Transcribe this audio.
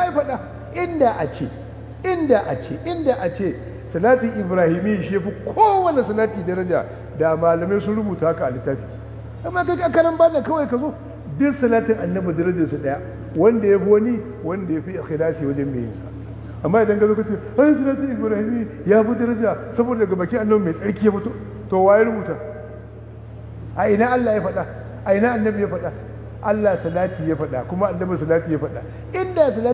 kowa ya faɗa inda a ce inda a ce inda a ce salati ibrahimi shi fi kowane salati daraja da malamai sun rubuta ka a littafi amma kai karan da kawai ka zo duk salatin annabi daraja su daya wanda ya fi wani wanda ya fi ikhlasi wajen mai yinsa amma idan ka zo ka ce ai salatin ibrahimi ya fi daraja saboda daga baki annabi mai tsarki ya fito to waye rubuta a ina Allah ya faɗa a ina annabi ya faɗa Allah salati ya faɗa kuma annabi salati ya faɗa inda